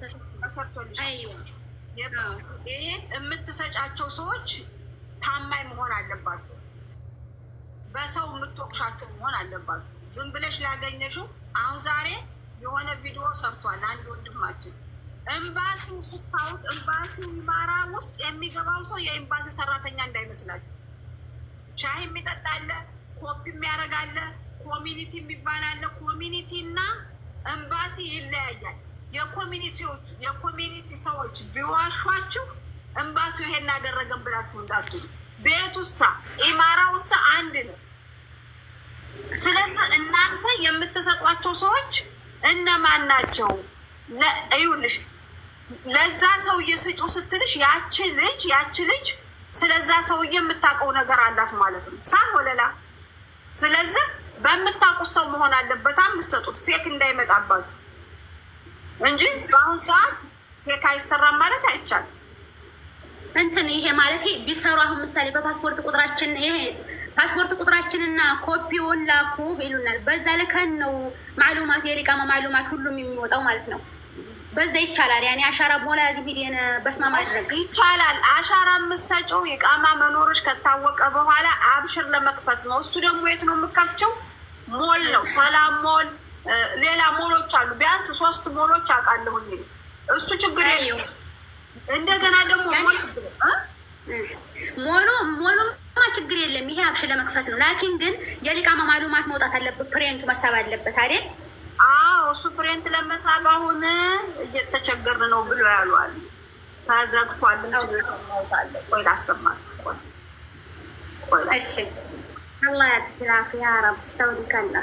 ተሰርቶልሻል። ይህን የምትሰጫቸው ሰዎች ታማኝ መሆን አለባቸው። በሰው የምትወቅሻቸው መሆን አለባቸው። ዝም ብለሽ ላገኘሽው አሁን ዛሬ የሆነ ቪዲዮ ሰርቷል አንድ ወንድማችን ኤምባሲው ስታውቅ ኤምባሲው ማራ ውስጥ የሚገባው ሰው የኤምባሲ ሰራተኛ እንዳይመስላችሁ። ሻይ የሚጠጣለ ኮፒ የሚያደርጋለ ኮሚኒቲ የሚባላለ ኮሚኒቲ እና ኤምባሲ ይለያያል። የኮሚኒቲዎች የኮሚኒቲ ሰዎች ቢዋሿችሁ እምባሱ ይሄን እናደረገን ብላችሁ እንዳትሉ። ቤት ውሳ ኢማራ ውሳ አንድ ነው። ስለዚህ እናንተ የምትሰጧቸው ሰዎች እነማን ናቸው? ይኸውልሽ ለዛ ሰውዬ ስጩ ስትልሽ ያቺ ልጅ ያቺ ልጅ ስለዛ ሰውዬ የምታውቀው ነገር አላት ማለት ነው። ሳን ወለላ ስለዚህ በምታውቁት ሰው መሆን አለበት የምትሰጡት ፌክ እንዳይመጣባችሁ እንጂ በአሁን ሰዓት ፌክ አይሰራም ማለት አይቻልም። እንትን ይሄ ማለት ቢሰሩ አሁን ምሳሌ በፓስፖርት ቁጥራችን ይሄ ፓስፖርት ቁጥራችንና ኮፒውን ላኩ ይሉናል። በዛ ልከን ነው ማዕሉማት የሊቃማ ማዕሉማት ሁሉም የሚወጣው ማለት ነው። በዛ ይቻላል። ያኔ አሻራ በኋላ ያዚ ሚዲየን በስማ ማድረግ ይቻላል። አሻራ የምትሰጪው የቃማ መኖሮች ከታወቀ በኋላ አብሽር ለመክፈት ነው። እሱ ደግሞ የት ነው የምከፍቸው? ሞል ነው፣ ሰላም ሞል ሌላ ሞሎች አሉ። ቢያንስ ሶስት ሞሎች አውቃለሁኝ። እሱ ችግር የለው። እንደገና ደግሞ ሞሎ ሞሎማ ችግር የለም። ይሄ አብሽ ለመክፈት ነው። ላኪን ግን የሊቃማ ማሉማት መውጣት አለበት። ፕሬንቱ መሳብ አለበት አይደል? አዎ፣ እሱ ፕሬንት ለመሳብ አሁን እየተቸገርን ነው ብሎ ያሏል። ተዘግቷል። ታለ ቆይ ላሰማችሁ። ቆይ እሺ። አላህ ያትላፍ ያ ረብ ስተውሊከላ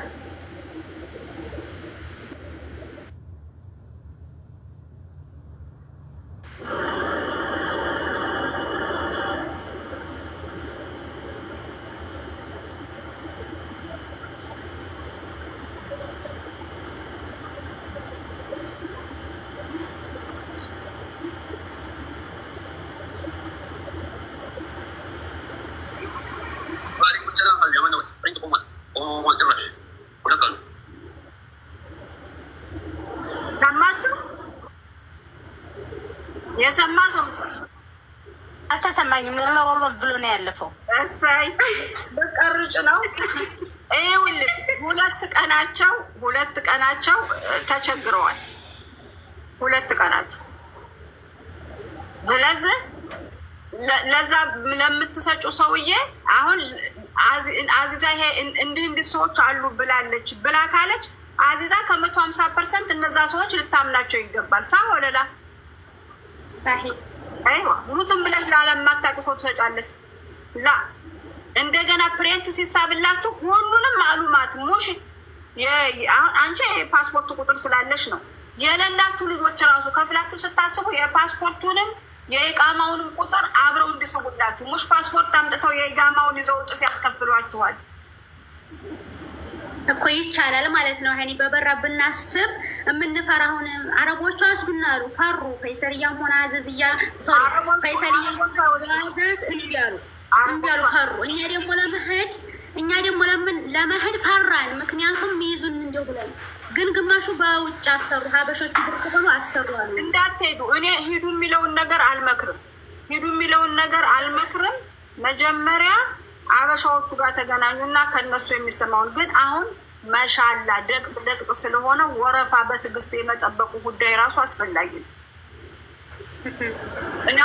የሰማ ሰምቷል። አልተሰማኝም ርበርበር ብሎ ነው ያለፈው። እሰይ በቀርጭ ነው ይኸውልሽ። ሁለት ቀናቸው ሁለት ቀናቸው ተቸግረዋል። ሁለት ቀናቸው ስለዚህ ለዛ ለምትሰጩ ሰውዬ አሁን አዚዛ ይሄ እንዲህ እንዲህ ሰዎች አሉ ብላለች ብላ ካለች አዚዛ ከመቶ ሀምሳ ፐርሰንት እነዛ ሰዎች ልታምናቸው ይገባል ሳ ወለላ ሙትም ብለሽ ለዓለም ሰው ትሰጫለሽ። ላ እንደገና ፕሪንት ሲሳብላችሁ ሁሉንም ማሉማት ሙሽ አንቺ የፓስፖርት ቁጥር ስላለሽ ነው የሌላችሁ ልጆች ራሱ ከፍላችሁ ስታስቡ የፓስፖርቱንም የኢቃማውንም ቁጥር አብረው እንዲስቡላችሁ ሙሽ ፓስፖርት አምጥተው የኢቃማውን ይዘው እጥፍ ያስከፍሏችኋል። እኮ ይቻላል ማለት ነው። ሀኒ በበራ ብናስብ የምንፈራ አሁን አረቦቹ አስዱና አሉ ፈሩ። ፈይሰልያም ሆነ አዘዝያ ፈይሰልያም ሆነ አዘዝ እንቢ አሉ ፈሩ። እኛ ደግሞ ለመሄድ እኛ ደግሞ ለምን ለመሄድ ፈራን? ምክንያቱም ይይዙን እንዲ ብለን ግን ግማሹ በውጭ አሰሩ ሀበሾቹ ብርቅ ብሎ አሰሩ አሉ። እንዳትሄዱ እኔ ሂዱ የሚለውን ነገር አልመክርም። ሂዱ የሚለውን ነገር አልመክርም መጀመሪያ አበሻዎቹ ጋር ተገናኙና ከነሱ የሚሰማውን ግን አሁን መሻላ ደቅጥ ደቅጥ ስለሆነ ወረፋ በትዕግስት የመጠበቁ ጉዳይ ራሱ አስፈላጊ ነው። እኔ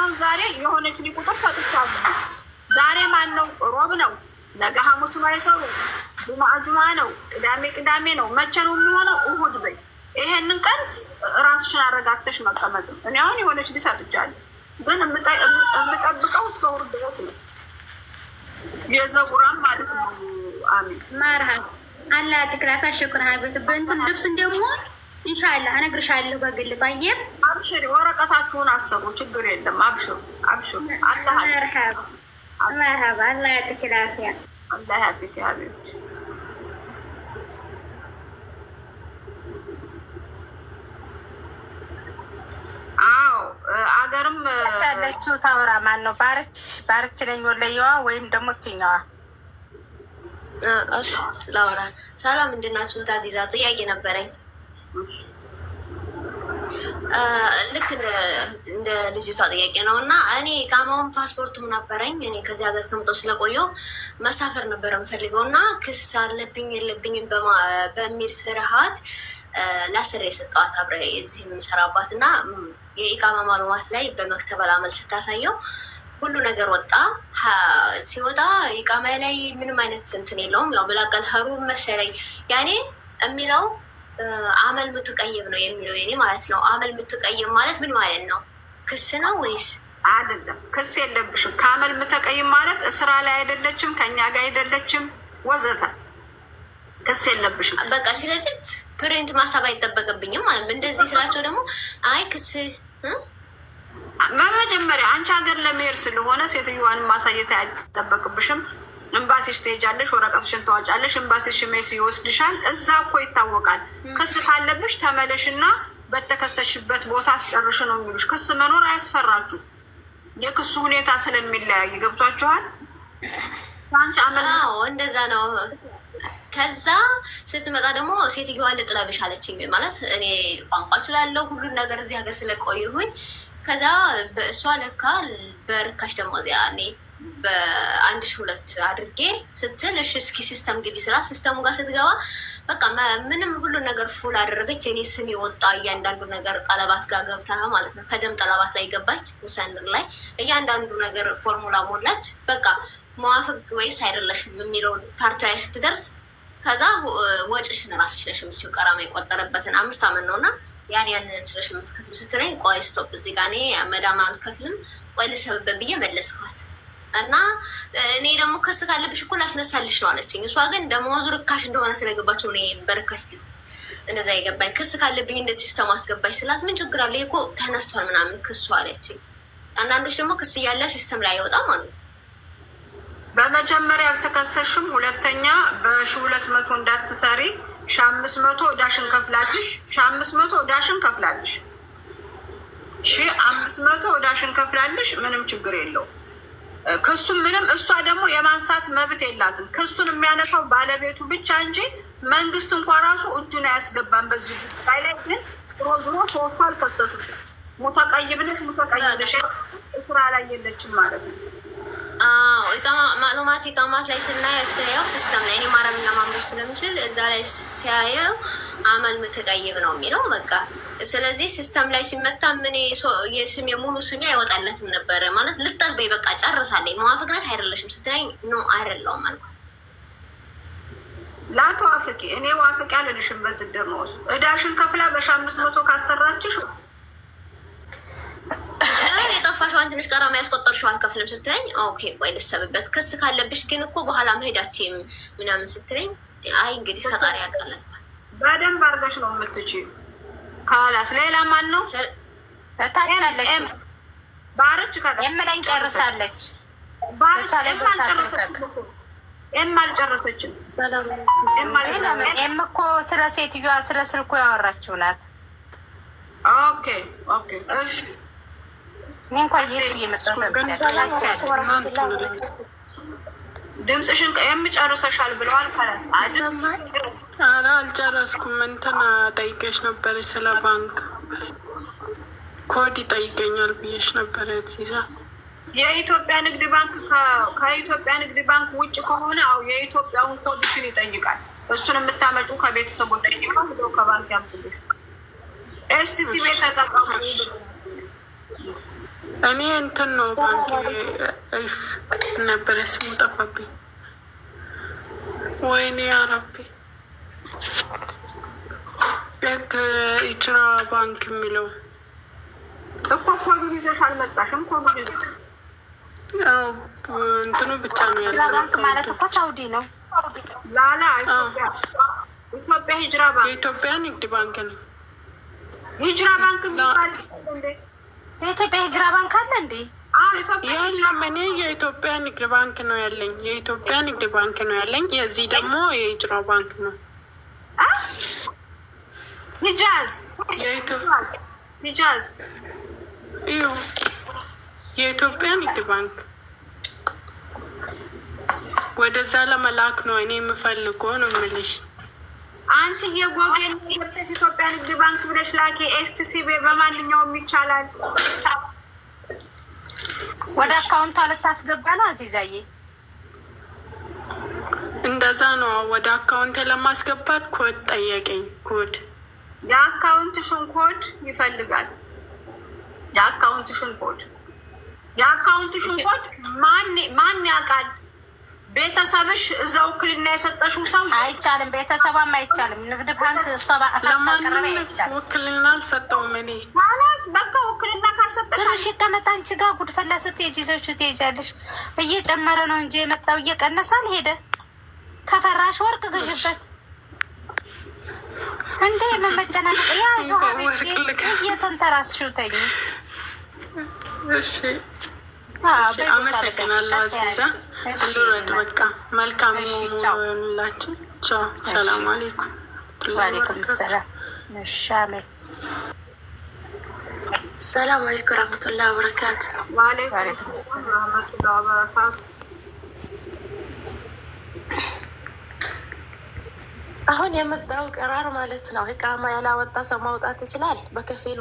አሁን ዛሬ የሆነች ቁጥር ሰጥቻለሁ። ዛሬ ማን ነው? ሮብ ነው። ነገ ሐሙስ ነው አይሰሩ። ጁማ ጁማ ነው። ቅዳሜ ቅዳሜ ነው። መቼ ነው የሚሆነው? እሁድ በይ። ይሄንን ቀን ራስሽን አረጋግተሽ መቀመጥ ነው። እኔ አሁን የሆነች ሊሰጥቻለሁ ግን የምጠብቀው እስከ እሑድ ድረስ ነው። የዘጉራን ማለት ነው። አሚን መርሃ አላ ትክላፋ ሽኩር ሀቤት በእንትን ልብስ እንደሞ እንሻላ እነግርሻለሁ በግል ባየም አብሽሪ፣ ወረቀታችሁን አሰሩ፣ ችግር የለም። አብሽሩ አብሽሩ። መርሃባ መርሃባ። አላ ትክላፊያ አላ ያፊክ ሀቢብት አገርም ያለችው ታወራ ማን ነው? ባርች ባርች ነኝ ወለየዋ ወይም ደግሞ እችኛዋ እሺ ላውራ። ሰላም እንድናችሁ ታዚዛ ጥያቄ ነበረኝ። ልክ እንደ ልጅቷ ጥያቄ ነው እና እኔ ቃማውን ፓስፖርቱም ነበረኝ። እኔ ከዚህ ሀገር ከምጠው ስለቆየው መሳፈር ነበረ የምፈልገው እና ክስ አለብኝ የለብኝም በሚል ፍርሃት ለስር የሰጠዋት አብረ እዚህ የምሰራባት እና የኢቃማ ማሉማት ላይ በመክተበል አመል ስታሳየው ሁሉ ነገር ወጣ። ሲወጣ ኢቃማ ላይ ምንም አይነት እንትን የለውም። ያው ብላቀል ሀሩ መሰለኝ ያኔ የሚለው አመል ምትቀይም ነው የሚለው የኔ ማለት ነው። አመል ምትቀይም ማለት ምን ማለት ነው? ክስ ነው ወይስ አይደለም? ክስ የለብሽም። ከአመል ምትቀይም ማለት እስራ ላይ አይደለችም፣ ከእኛ ጋር አይደለችም፣ ወዘተ ክስ የለብሽም። በቃ ስለዚህ ፕሪንት ማሳብ አይጠበቅብኝም ማለት እንደዚህ ስላቸው ደግሞ አይ ክስ በመጀመሪያ አንቺ ሀገር ለመሄድ ስለሆነ ሴትዮዋን ማሳየት አይጠበቅብሽም። እምባሲሽ ትሄጃለሽ፣ ወረቀትሽን ተዋጫለሽ፣ እምባሲሽ ሜስ ይወስድሻል። እዛ እኮ ይታወቃል። ክስ ካለብሽ ተመለሽና በተከሰሽበት ቦታ አስጨርሽ ነው የሚሉሽ። ክስ መኖር አያስፈራችሁ። የክሱ ሁኔታ ስለሚለያይ ገብቷችኋል። አንቺ እንደዛ ነው ከዛ ስትመጣ ደግሞ ሴትዮዋ ልጥለብሽ አለችኝ። ማለት እኔ ቋንቋ እችላለሁ ሁሉን ነገር እዚህ ሀገር ስለቆይሁኝ ከዛ በእሷ ለካ በርካሽ ደግሞ እዚያ እኔ በአንድ ሺ ሁለት አድርጌ ስትል እሺ እስኪ ሲስተም ግቢ ስራ ሲስተሙ ጋር ስትገባ በቃ ምንም ሁሉ ነገር ፉል አደረገች። እኔ ስም የወጣ እያንዳንዱ ነገር ጠለባት ጋር ገብታ ማለት ነው። ከደም ጠለባት ላይ ገባች፣ ሙሰንር ላይ እያንዳንዱ ነገር ፎርሙላ ሞላች። በቃ መዋፈግ ወይስ አይደለሽም የሚለውን ፓርቲ ላይ ስትደርስ ከዛ ወጭሽን ራስሽ ነሽ የምትችይው። ቀራማ የቆጠረበትን አምስት አመት ነው እና ያን ያን ችለሽ የምትከፍሉ ስትለኝ ቆይ ስቶፕ፣ እዚህ ጋ እኔ መዳማ አልከፍልም፣ ቆይ ልሰብበት ብዬ መለስኳት እና እኔ ደግሞ ከስ ካለብሽ እኮ ላስነሳልሽ ነው አለችኝ። እሷ ግን ደሞዙ ርካሽ እንደሆነ ስለገባቸው እኔ በርካሽ እንደዛ የገባኝ ክስ ካለብኝ እንደ ሲስተሙ አስገባኝ ስላት ምን ችግር አለ እኮ ተነስቷል ምናምን ክሱ አለችኝ። አንዳንዶች ደግሞ ክስ እያለ ሲስተም ላይ አይወጣም አሉ። በመጀመሪያ አልተከሰሽም። ሁለተኛ በሺ ሁለት መቶ እንዳትሰሪ ሺ አምስት መቶ እዳሽን ከፍላለሽ። ሺ አምስት መቶ እዳሽን ከፍላለሽ። ሺ አምስት መቶ እዳሽን ከፍላለሽ። ምንም ችግር የለው። ክሱም ምንም እሷ ደግሞ የማንሳት መብት የላትም። ክሱን የሚያነሳው ባለቤቱ ብቻ እንጂ መንግስት እንኳ ራሱ እጁን አያስገባም። በዚህ ጉዳይ ላይ ግን ዞሮ ዞሮ ሰዎቹ አልከሰሱሽም። ሙተቀይብነት ሙተቀይብነሽ ስራ ላይ የለችም ማለት ነው። ሰላት ኢቃማት ላይ ስናየ ስያው ሲስተም ላይ እኔ አረብኛ ማንበብ ስለምችል እዛ ላይ ሲያየው አመል ምትቀይብ ነው የሚለው በቃ። ስለዚህ ሲስተም ላይ ሲመታ ምን የስም የሙሉ ስሜ አይወጣለትም ነበረ ማለት ልጠልበይ በቃ ጨርሳለኝ። መዋፍቅነት አይደለሽም ስትለኝ ኖ አይደለውም አልኩ። ላተዋፍቂ እኔ ዋፍቂ አልልሽም። በዚህ ደመወዙ እዳሽን ከፍላ በሺ አምስት መቶ ካሰራችሽ የጠፋሽው አንቺ ነሽ ቀረማ ያስቆጠርሽው አልከፍልም ስትለኝ፣ ኦኬ ቆይ ልሰብበት፣ ክስ ካለብሽ ግን እኮ በኋላ መሄዳችም ምናምን ስትለኝ፣ አይ እንግዲህ ፈጣሪ ያቀለልኳት። በደንብ አድርገሽ ነው የምትችይው። ካላስ ሌላ ማን ነው ታቻለች? ባሮች የምለኝ ጨርሳለች። ኤም እኮ ስለ ሴትዮዋ ስለ ስልኩ ያወራችው ናት። ኦኬ ኦኬ እሺ እኔ እንኳ ይህ ድምፅሽን የምጨርሰሻል ብለዋል። ኧረ አልጨረስኩም። እንትን ጠይቄሽ ነበር ስለ ባንክ ኮድ ይጠይቀኛል ብዬሽ ነበር። ዚዛ የኢትዮጵያ ንግድ ባንክ ከኢትዮጵያ ንግድ ባንክ ውጭ ከሆነ አው የኢትዮጵያውን ኮድሽን ይጠይቃል። እሱን የምታመጩ ከቤተሰቦች ከባንክ ያምጡልሽ። ኤስቲሲ ቤት ተጠቀሙ እኔ እንትን ነው ባንክ ነበረ ስሙ ጠፋብኝ። ወይኔ አረቤ ልክ ኢጅራ ባንክ የሚለው እኮ ኮዱን ይዘሽ አልመጣሽም። ኮዱን ያው እንትኑ ብቻ ነው ያለው። ባንክ ማለት እኮ ሳውዲ ነው ላላ ኢትዮጵያ ሂጅራ ባንክ የኢትዮጵያ ንግድ ባንክ ነው ሂጅራ ባንክ የሚባል የኢትዮጵያ ሂጅራ ባንክ አለ እንዴ? የለም እኔ የኢትዮጵያ ንግድ ባንክ ነው ያለኝ። የኢትዮጵያ ንግድ ባንክ ነው ያለኝ። የዚህ ደግሞ የሂጅራ ባንክ ነው። ሂጃዝ የኢትዮጵያ ንግድ ባንክ ወደዛ ለመላክ ነው እኔ የምፈልገው ነው የምልሽ አንቺ የጎጌን ገብተሽ ኢትዮጵያ ንግድ ባንክ ብለሽ ላኪ። ኤስቲሲ በማንኛውም ይቻላል። ወደ አካውንቷ ልታስገባ ነው አዚዛዬ። እንደዛ ነው። ወደ አካውንት ለማስገባት ኮድ ጠየቀኝ። ኮድ የአካውንትሽን ኮድ ይፈልጋል። የአካውንትሽን ኮድ የአካውንትሽን ኮድ ማን ያውቃል? ቤተሰብሽ እዛው ውክልና የሰጠሽው ሰው አይቻልም። ቤተሰቧም አይቻልም። ንግድ ባንክ ለማንም ውክልና አልሰጠውም። እኔ ላስ በቃ ውክልና ካልሰጠሽ ብርሽ ከመጣ አንቺ ጋር ጉድፈላ ስትሄጂ ይዘሽው ትሄጃለሽ። እየጨመረ ነው እንጂ የመጣው እየቀነሰ አልሄደ። ከፈራሽ ወርቅ ግዥበት እንዴ! ምን መጨናነቅ ያዥ ቤ እየተንተራስሽው ተኝ እሺ አመሰግናለሁ አዚዛ። እንድረድ በቃ መልካም ሆኑላችሁ። ቻው፣ ሰላም አሌይኩም። ዋሌኩም ሰላም መሻሜ ሰላም አለይኩም ረህመቱላህ ወበረካቱ። አሁን የመጣው ቀራር ማለት ነው። እቃማ ያላወጣ ሰው ማውጣት ይችላል። በከፊል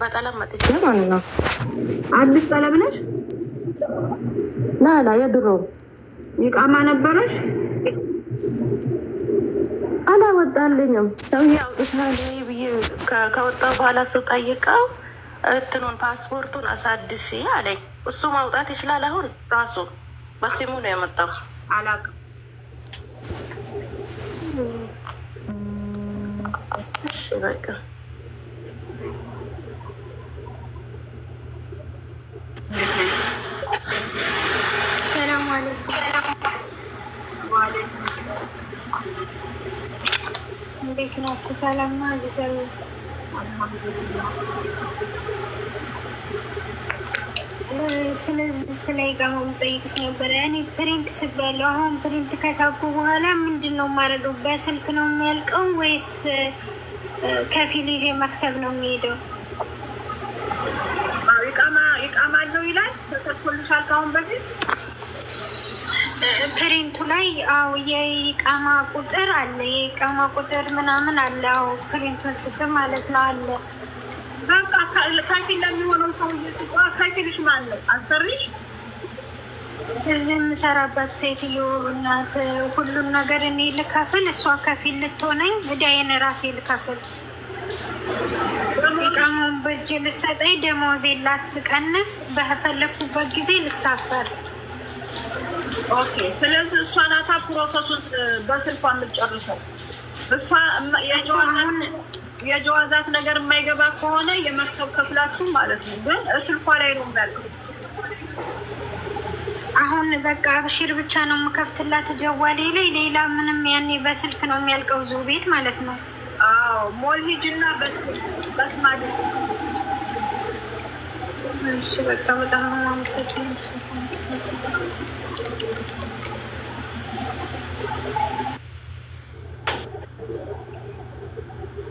በጠለም መጥቼ ማለት ነው። አዲስ ጠለም ነች ላላ የድሮ ይቃማ ነበረሽ አላወጣልኝም። ሰውዬ አውጥታል ብዬ ከወጣ በኋላ ሰው ጠይቀው እንትኑን ፓስፖርቱን አሳድሽ አለኝ። እሱ ማውጣት ይችላል። አሁን ራሱ በሲሙ ነው የመጣው። አላውቅም እሺ ሰላም አለይኩም። እንዴት ናችሁ? ሰላም ነው። ስለዚህ ስለ ኢቃማ የምጠይቅሽ ነበረ። እኔ ፕሪንት ስበለው አሁን ፕሪንት ከሳኩ በኋላ ምንድን ነው የማደርገው? በስልክ ነው የሚያልቀው ወይስ ከፊል ይዤ መክተብ ነው የሚሄደው? ተሰርቶልሻል ከአሁን በፊት ፕሪንቱ ላይ? አው የኢቃማ ቁጥር አለ፣ የኢቃማ ቁጥር ምናምን አለ። አው ፕሪንቱን ስስም ማለት ነው አለ። በቃ ከፊል ለሚሆነው ሰውዬ ስጧ። ከፊልሽ ማን ነው? አሰሪሽ? እዚህ የምሰራበት ሴትዮ እናት። ሁሉን ነገር እኔ ልከፍል፣ እሷ ከፊል ልትሆነኝ፣ እዳዬን ራሴ ልከፍል እቃሙን በእጅ ልሰጠኝ ደሞዜ ላትቀንስ በፈለግኩበት ጊዜ ልሳፈር። ኦኬ። ስለዚህ እሷ ናታ ፕሮሰሱን በስልኳ የምትጨርሰው እሷ። የጀዋዛት ነገር የማይገባ ከሆነ የመክተብ ክፍላችሁ ማለት ነው፣ ግን ስልኳ ላይ ነው እንዳልኩት። አሁን በቃ አብሽር ብቻ ነው የምከፍትላት ጀዋሌ ላይ ሌላ ምንም ያኔ በስልክ ነው የሚያልቀው ዙ ቤት ማለት ነው። ሞል ሂጅ እና በስማድ በቃ በጣም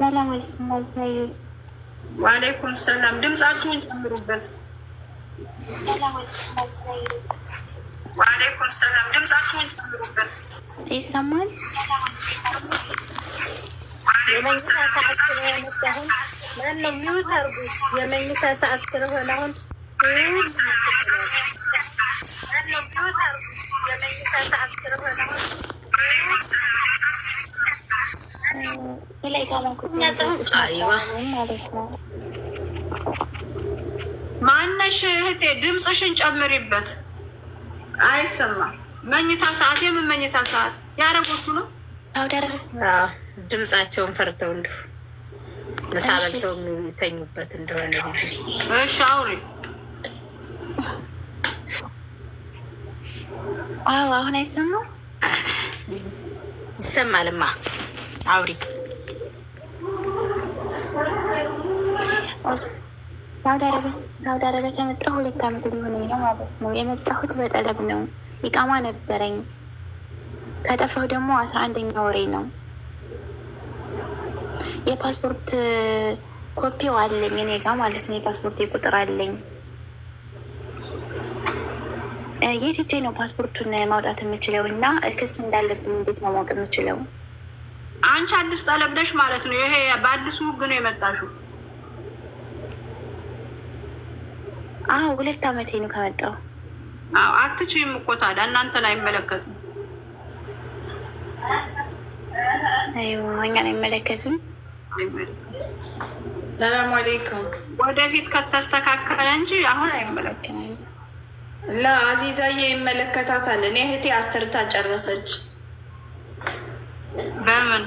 ሰላም አለይኩም። ዋለይኩም ሰላም። ድምጻችሁን ጨምሩበት። ዋለይኩም ሰላም። ድምጻችሁን ጨምሩበት። ይሰማል የመኝታ ሰዓት ስለሆነ አሁን ማን ሚዩት አርጉ። የመኝታ ሰዓት ስለሆነ አሁን ማነሽ እህቴ ድምፅሽን ጨምሪበት፣ አይሰማ መኝታ ሰዓት የምን መኝታ ሰዓት ያረጎቹ ነው። ፓውደር ድምጻቸውን ፈርተው እንዲሁ ምሳ በልተው የሚተኙበት እንደሆነ እሺ፣ አውሪ። አዎ፣ አሁን አይሰማም? ይሰማልማ። አውሪ። ሳውዲ አረቢያ ከመጣሁ ሁለት ዓመት ሊሆነኝ ነው ማለት ነው። የመጣሁት በጠለብ ነው። ይቃማ ነበረኝ ከጠፋሁ ደግሞ አስራ አንደኛ ወሬ ነው። የፓስፖርት ኮፒው አለኝ እኔ ጋ ማለት ነው። የፓስፖርት ቁጥር አለኝ። የት ሄጄ ነው ፓስፖርቱን ማውጣት የምችለው? እና ክስ እንዳለብኝ እንዴት ነው ማወቅ የምችለው? አንቺ አዲስ ጠለብደሽ ማለት ነው። ይሄ በአዲሱ ህግ ነው የመጣሽው? አዎ፣ ሁለት አመቴ ነው ከመጣው። አዎ፣ አትችይም እኮ ታዲያ እናንተን አይመለከትም። እኛን አይመለከትም። ሰላም አለይኩም። ወደፊት ከተስተካከለ እንጂ አሁን አይመለከትም። ላ አዚዛዬ ይመለከታታል። እኔ እህቴ አስርታ ጨረሰች። በምን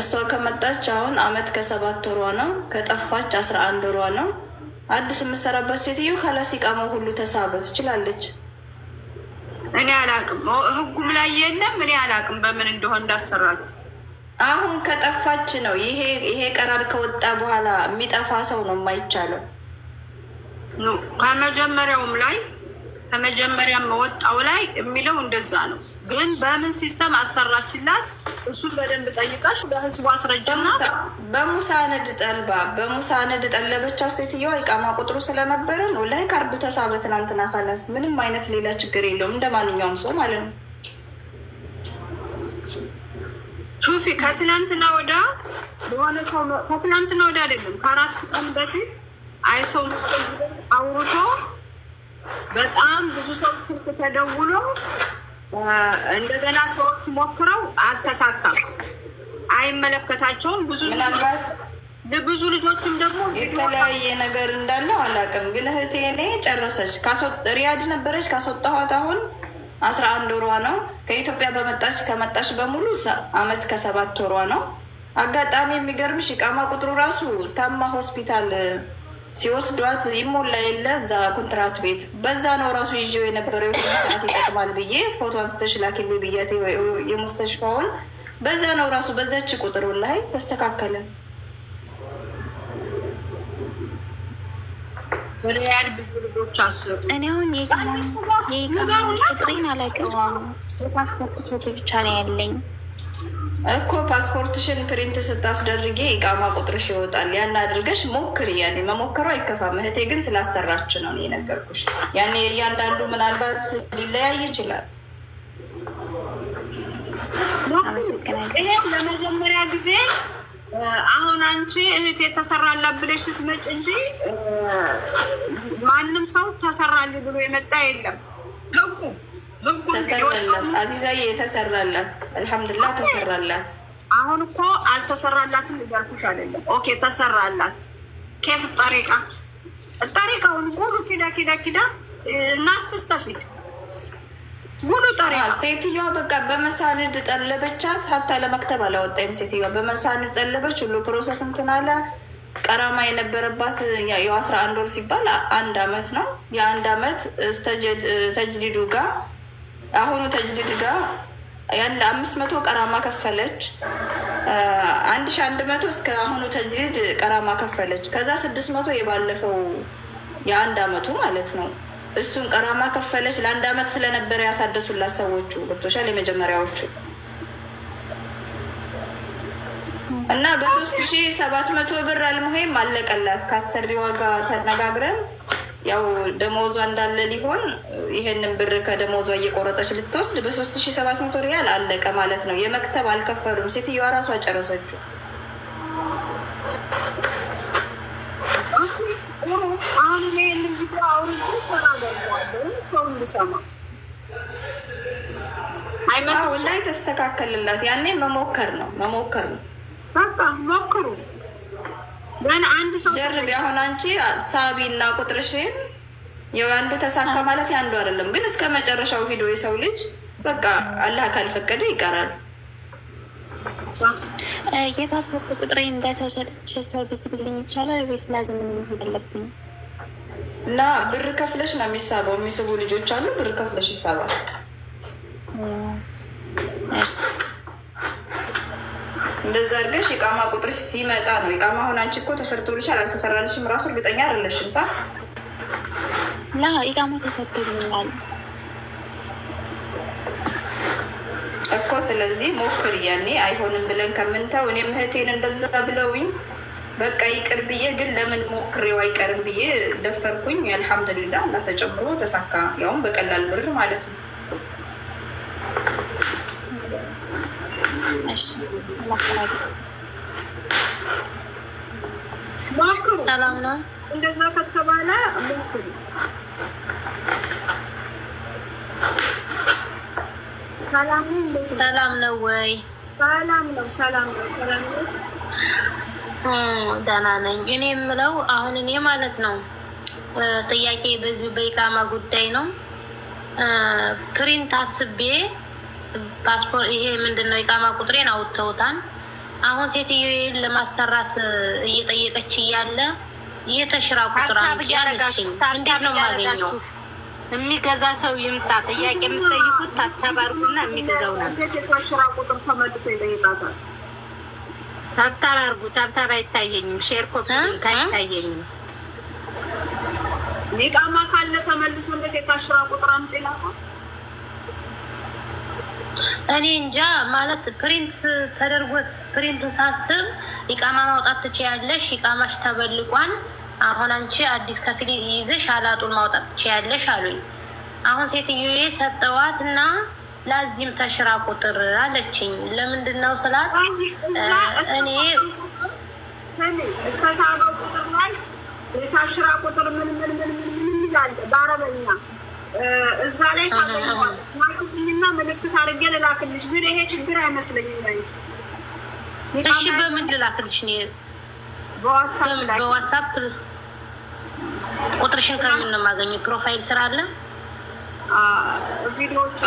እሷ ከመጣች አሁን አመት ከሰባት ወሯ ነው። ከጠፋች አስራ አንድ ወሯ ነው። አዲስ የምሰራበት ሴትዮ ካላሲቃማ ሁሉ ተሳበ ትችላለች። እኔ አላቅም ህጉም ላይ የለም። እኔ አላቅም በምን እንደሆነ እንዳሰራት። አሁን ከጠፋች ነው ይሄ ቀራር ከወጣ በኋላ የሚጠፋ ሰው ነው የማይቻለው። ከመጀመሪያውም ላይ ከመጀመሪያም ወጣው ላይ የሚለው እንደዛ ነው። ግን በምን ሲስተም አሰራችላት? እሱን በደንብ ጠይቀሽ በህዝቡ አስረጅና ነድ ጠልባ ነድ ጠለበቻ ሴትዮዋ ይቃማ ቁጥሩ ስለነበረ ነው። ላይ ካርዱ ተሳበ ትናንትና። ምንም አይነት ሌላ ችግር የለውም። እንደ ማንኛውም ሰው ማለት ነው። ቱፊ ከትናንትና ወዳ በሆነ ሰው ከትናንትና ወዳ አይደለም ከአራት ቀን በፊት አይ ሰው አውርቶ በጣም ብዙ ሰው ስልክ ተደውሎ እንደገና ሰዎች ሞክረው አልተሳካም። አይመለከታቸውም። ብዙ ብዙ ልጆችም ደግሞ የተለያየ ነገር እንዳለው አላውቅም። ግን እህቴ እኔ ጨረሰች ሪያድ ነበረች ካስወጣኋት አሁን አስራ አንድ ወሯ ነው። ከኢትዮጵያ በመጣች ከመጣች በሙሉ አመት ከሰባት ወሯ ነው። አጋጣሚ የሚገርምሽ ቃማ ቁጥሩ ራሱ ታማ ሆስፒታል ሲወስዷት ይሞላ የለ እዛ ኮንትራት ቤት በዛ ነው ራሱ ይዤው የነበረው የሆነ ሰዓት ይጠቅማል ብዬ ፎቶ አንስተሽ ላኪልኝ ብያት የሙስተሽፋውን በዛ ነው ራሱ በዛች ቁጥር ላይ ተስተካከለ። እኔ አሁን የቅሬን አላውቅም ብቻ ነው ያለኝ እኮ ፓስፖርትሽን ፕሪንት ስታስደርጌ ኢቃማ ቁጥርሽ ይወጣል። ያን አድርገሽ ሞክሪ። ያኔ መሞከሩ አይከፋም። እህቴ ግን ስላሰራች ነው የነገርኩሽ። ያኔ እያንዳንዱ ምናልባት ሊለያይ ይችላል። ለመጀመሪያ ጊዜ አሁን አንቺ እህት የተሰራላ ብለሽ ስትመጪ እንጂ ማንም ሰው ተሰራል ብሎ የመጣ የለም ህጉ ተሰጠላት። አዚዛዬ የተሰራላት አልሐምዱሊላህ ተሰራላት። አሁን እኮ አልተሰራላትም እያልኩሽ አይደለም። ኦኬ ተሰራላት። ኬፍ ጠሪቃ ጠሪቃውን ሙሉ ኪዳ ኪዳ ኪዳ እናስተስተፊል ሙሉ ጠሪቃ ሴትዮዋ በቃ በመሳንድ ጠለበቻት። ሀታ ለመክተብ አላወጣይም ሴትዮዋ በመሳንድ ጠለበች። ሁሉ ፕሮሰስ እንትን አለ። ቀራማ የነበረባት የአስራ አንድ ወር ሲባል አንድ አመት ነው። የአንድ አመት ተጅዲዱ ጋር አሁኑ ተጅዲድ ጋር ያለ አምስት መቶ ቀራማ ከፈለች አንድ ሺ አንድ መቶ እስከ አሁኑ ተጅዲድ ቀራማ ከፈለች። ከዛ ስድስት መቶ የባለፈው የአንድ አመቱ ማለት ነው። እሱን ቀራማ ከፈለች። ለአንድ አመት ስለነበረ ያሳደሱላት ሰዎቹ ብቶሻል የመጀመሪያዎቹ እና በሶስት ሺ ሰባት መቶ ብር አልሙሄም አለቀላት ከአሰሪ ዋጋ ተነጋግረን ያው ደሞዟ እንዳለ ሊሆን ይሄንን ብር ከደሞዟ እየቆረጠች ልትወስድ በሶስት ሺ ሰባት መቶ ሪያል አለቀ ማለት ነው። የመክተብ አልከፈሉም። ሴትዮዋ ራሷ ጨረሰችው። ላይ ተስተካከልላት። ያኔ መሞከር ነው መሞከር ነው ሞክሩ አንድ ሰው ጀርብ አሁን አንቺ ሳቢ እና ቁጥርሽን አንዱ ተሳካ ማለት ያንዱ አይደለም፣ ግን እስከ መጨረሻው ሂዶ የሰው ልጅ በቃ አላህ ካልፈቀደ ይቀራል። የፓስፖርት ቁጥሬ እንዳሰው ሰጥቼ ሰርቪስ ብልኝ ይቻላል ወይስ ላዝም አለብኝ? እና ብር ከፍለሽ ነው የሚሳበው። የሚስቡ ልጆች አሉ፣ ብር ከፍለሽ ይሳባል። እንደዛ አድርገሽ የቃማ ቁጥርሽ ሲመጣ ነው። የቃማ አሁን አንቺ እኮ ተሰርቶልሻል አልተሰራልሽም ራሱ እርግጠኛ አይደለሽም። ሳ ላ የቃማ ተሰርቶልኛል እኮ ስለዚህ ሞክር። ያኔ አይሆንም ብለን ከምንተው እኔ እህቴን እንደዛ ብለውኝ በቃ ይቅር ብዬ ግን ለምን ሞክሬው አይቀርም ብዬ ደፈርኩኝ። አልሐምዱሊላ አላህ ተጨምሮ ተሳካ፣ ያውም በቀላል ብር ማለት ነው። ሰላም ነው። እንደዛ ከተባለ ሰላም ነው ወይ? ሰላም ነው። ሰላም ነው። ሰላም ነው። ደህና ነኝ። እኔ የምለው አሁን እኔ ማለት ነው ጥያቄ በዚሁ በኢቃማ ጉዳይ ነው። ፕሪንት አስቤ ፓስፖርት ይሄ ምንድን ነው የቃማ ቁጥሬን አውጥተውታል። አሁን ሴትዮ ለማሰራት እየጠየቀች እያለ የተሽራ ቁጥር እንዴት ነው የማገኘው? የሚገዛ ሰው ይምጣ። ጥያቄ የምትጠይቁት ታብታብ አድርጉና የሚገዛው ነው። ታብታብ አድርጉ። ታብታብ አይታየኝም። ሼር ኮፒ አይታየኝም። ኒቃማ ካለ ተመልሶ እንደት የታሽራ ቁጥር አምጪ ላኩ እኔ እንጃ ማለት ፕሪንት ተደርጎ ፕሪንቱ ሳስብ ይቃማ ማውጣት ትችያለሽ፣ ይቃማሽ ተበልቋል። አሁን አንቺ አዲስ ከፊል ይዘሽ አላጡን ማውጣት ትችያለሽ አሉኝ። አሁን ሴትዮ ሰጠዋት እና ላዚም ተሽራ ቁጥር አለችኝ። ለምንድን ነው ስላት እኔ ከሳባ ቁጥር ላይ የታሽራ ቁጥር ምን ምን ምን ምን ይላል በአረበኛ እዛ ላይ ካገኘዋልኝና ምልክት አድርጌ ልላክልሽ። ግን ይሄ ችግር አይመስለኝም። ላይት እሺ፣ በምን ልላክልሽ? በዋትሳፕ ቁጥርሽን ከምን ነው የማገኘው? ፕሮፋይል ስራ አለ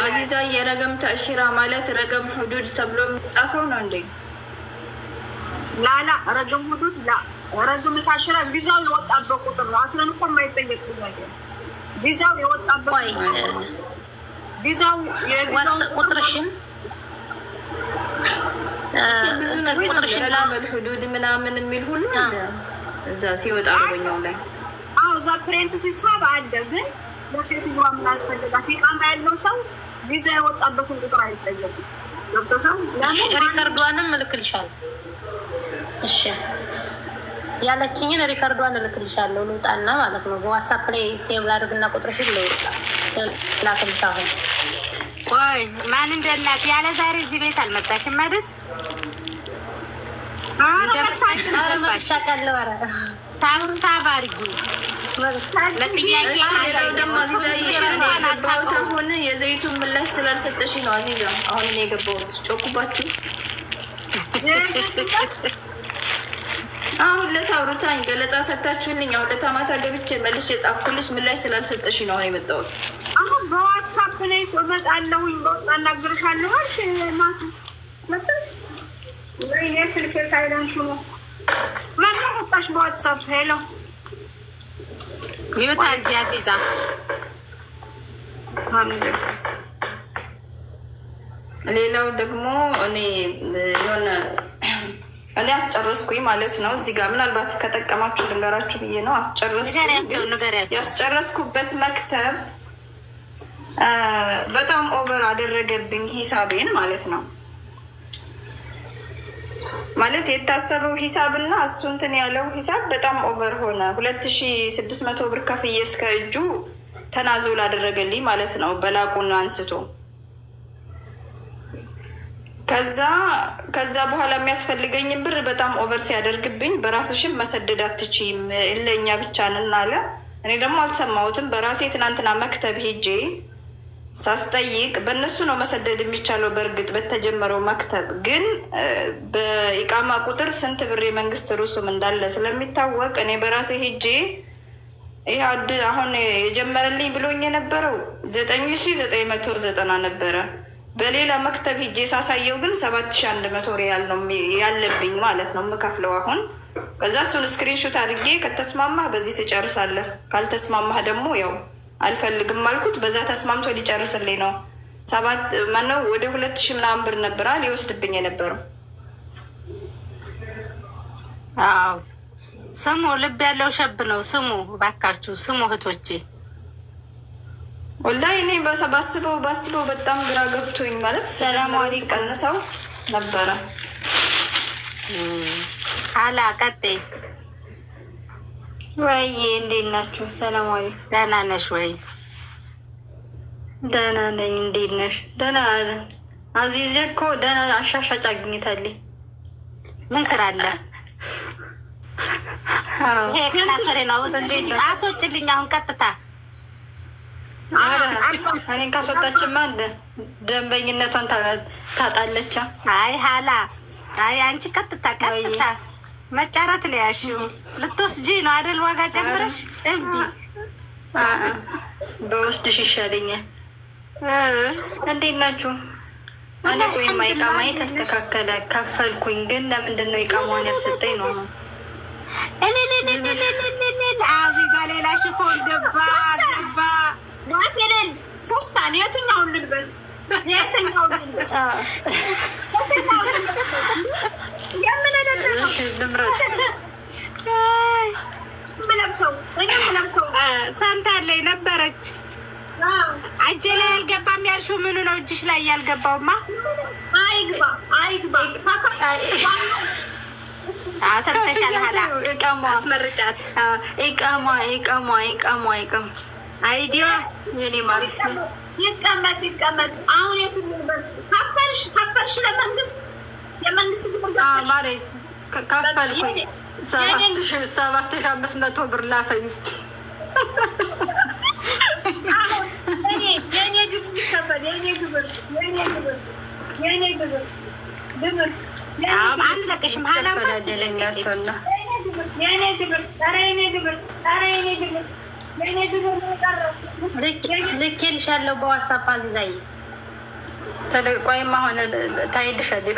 አዚዛ የረገም ተእሽራ ማለት ረገም ሁዱድ ተብሎ የሚጻፈው ነው እንዴ? ላላ ረገም ሁዱድ ላ ረገም ታሽራ ቪዛው የወጣበት ቁጥር ነው። አስረን እኮ የማይጠየቅ ጥያቄ ቪዛው የወጣበት ቪዛው የቪዛው ቁጥርሽን ብዙ ነገር ሑዱድ ምናምን የሚል ሁሉ እዛ ሲወጣ አርበኛው ላይ አዎ፣ እዛ ፕሬንት ሲሳብ አለ። ግን ለሴትዮዋ ምን አስፈልጋት? ይቃማ ያለው ሰው ቪዛ የወጣበትን ቁጥር አይጠየቅም። ገብቶሻል? ሪከርዷንም እልክልሻለሁ። እሺ ያለችኝን ሪከርዷን እልክልሻለሁ። ልውጣና ማለት ነው በዋትሳፕ ላይ ሴቭ ላድርግና ቁጥርሽ ልውጣ ላክልሽ። አሁን ቆይ ማን እንደላት ያለ ዛሬ እዚህ ቤት አልመጣሽም አይደል? አሁን የዘይቱን ምላሽ ስላልሰጠሽ ነው አዚዛ አሁን የገባሁት ጮኩባችሁ አሁን ለታ አውርታኝ ገለጻ ሰጥታችሁልኝ፣ አሁን ለታማታ ገብቼ መልሼ የጻፍኩልሽ ምን ላይ ስላልሰጠሽ ነው አሁን የመጣሁት። አሁን በዋትሳፕ ላይ እመጣለሁኝ፣ በውስጥ አናግርሻለሁ። ስልክ ሳይለንት ነው መጣሽ። በዋትሳፕ ሄሎ፣ ይመታል ቢያዚዛ ሌላው ደግሞ እኔ የሆነ እኔ አስጨረስኩኝ ማለት ነው። እዚህ ጋር ምናልባት ከጠቀማችሁ ልንገራችሁ ብዬ ነው። ያስጨረስኩበት መክተብ በጣም ኦቨር አደረገብኝ ሂሳቤን ማለት ነው። ማለት የታሰበው ሂሳብ እና እሱ እንትን ያለው ሂሳብ በጣም ኦቨር ሆነ። ሁለት ሺ ስድስት መቶ ብር ከፍዬ እስከ እጁ ተናዞ ላደረገልኝ ማለት ነው በላቁን አንስቶ ከዛ በኋላ የሚያስፈልገኝን ብር በጣም ኦቨር ሲያደርግብኝ በራስሽም መሰደድ አትችይም እለኛ ብቻ ነን አለ። እኔ ደግሞ አልሰማሁትም። በራሴ ትናንትና መክተብ ሄጄ ሳስጠይቅ በእነሱ ነው መሰደድ የሚቻለው። በእርግጥ በተጀመረው መክተብ ግን በኢቃማ ቁጥር ስንት ብር የመንግስት ሩስም እንዳለ ስለሚታወቅ እኔ በራሴ ሄጄ ይህ አሁን የጀመረልኝ ብሎኝ የነበረው ዘጠኝ ሺ ዘጠኝ መቶ ዘጠና ነበረ። በሌላ መክተብ ሄጄ ሳሳየው ግን ሰባት ሺ አንድ መቶ ሪያል ነው ያለብኝ ማለት ነው የምከፍለው አሁን። ከዛ እሱን ስክሪንሹት አድርጌ ከተስማማህ በዚህ ትጨርሳለህ፣ ካልተስማማህ ደግሞ ያው አልፈልግም አልኩት። በዛ ተስማምቶ ሊጨርስልኝ ነው። ሰባት ማነው ወደ ሁለት ሺ ምናምን ብር ነበራል ሊወስድብኝ የነበረው። አዎ ስሙ፣ ልብ ያለው ሸብ ነው። ስሙ እባካችሁ ስሙ እህቶቼ ወላሂ እኔ ባስበው ባስበው በጣም ግራ ገብቶኝ ማለት ሰላም አለይኩም ቀንሰው ነበረ አላ ቀጤ ወይ እንዴት ናችሁ? ሰላም አለይኩም። ደህና ነሽ ወይ? ደህና ነኝ። እንዴት ነሽ? ደህና አለ አዚዜ እኮ ደህና አሻሻጭ አግኝታለች። ምን ስራ አለ? ይሄ ከናፈሬ ነው። አስወጭልኝ አሁን ቀጥታ እኔን ካስወጣችማ ደንበኝነቷን ታጣለቻ። አይ ሀላ አይ አንቺ ቀጥታ ቀጥታ መጫረት ላይ ያልሽው ልትወስጂ ነው አይደል? ዋጋ ጨምረሽ እምቢ በወስድሽ ይሻለኛል። እንዴት ናችሁ? እኔ ቆይማ ተስተካከለ ከፈልኩኝ፣ ግን ለምንድን ነው ኢቃማዋን ያልሰጠኝ ነው እኔ ሌላ ሺፎን ገባ ገባ ፌሬል ሶስታን የትኛውን ልልበስ? የትኛውን ልልበስ? ሰምታለኝ ነበረች። እጄ ላይ አልገባም ያልሽው ምኑ ነው? እጅሽ ላይ ያልገባውማ አይግባ አይግባ። ሰምተሻል? አስመርጫት። ይቀሟ ይቀሟ ይቀሟ ይቀሟ አይዲያ የኔ ማለት ይቀመጥ ይቀመጥ። አሁን የቱ ካፈልሽ ካፈልሽ ለመንግስት ለመንግስት ግብር ካፈልኩኝ ሰባት ሺህ አምስት መቶ ብር ላፈኝ አንለቅሽም ሀላ ግብር ልኬልሻለሁ በዋትሳፕ አዚዛዬ። ቆይማ አሁን ታይልሻለሁ።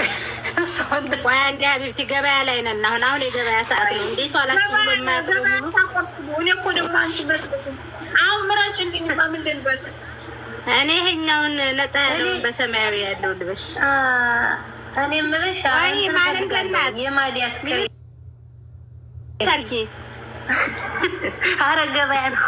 አንዴ ሀቢብቲ ገበያ ላይ ነን አሁን። አሁን የገበያ ሰዓት ነው። እንዴት ዋላችሁ? እኔ ይኸኛውን ነጣ ያለውን በሰማያዊ ያለው ልበሽ። እኔ የምልሽ ማንም የማዲያት ክሬ አረ ገበያ ነው።